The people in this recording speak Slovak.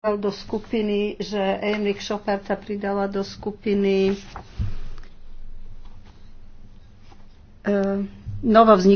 pridal do skupiny, že Emrik Šopard sa pridala do skupiny e, novovznik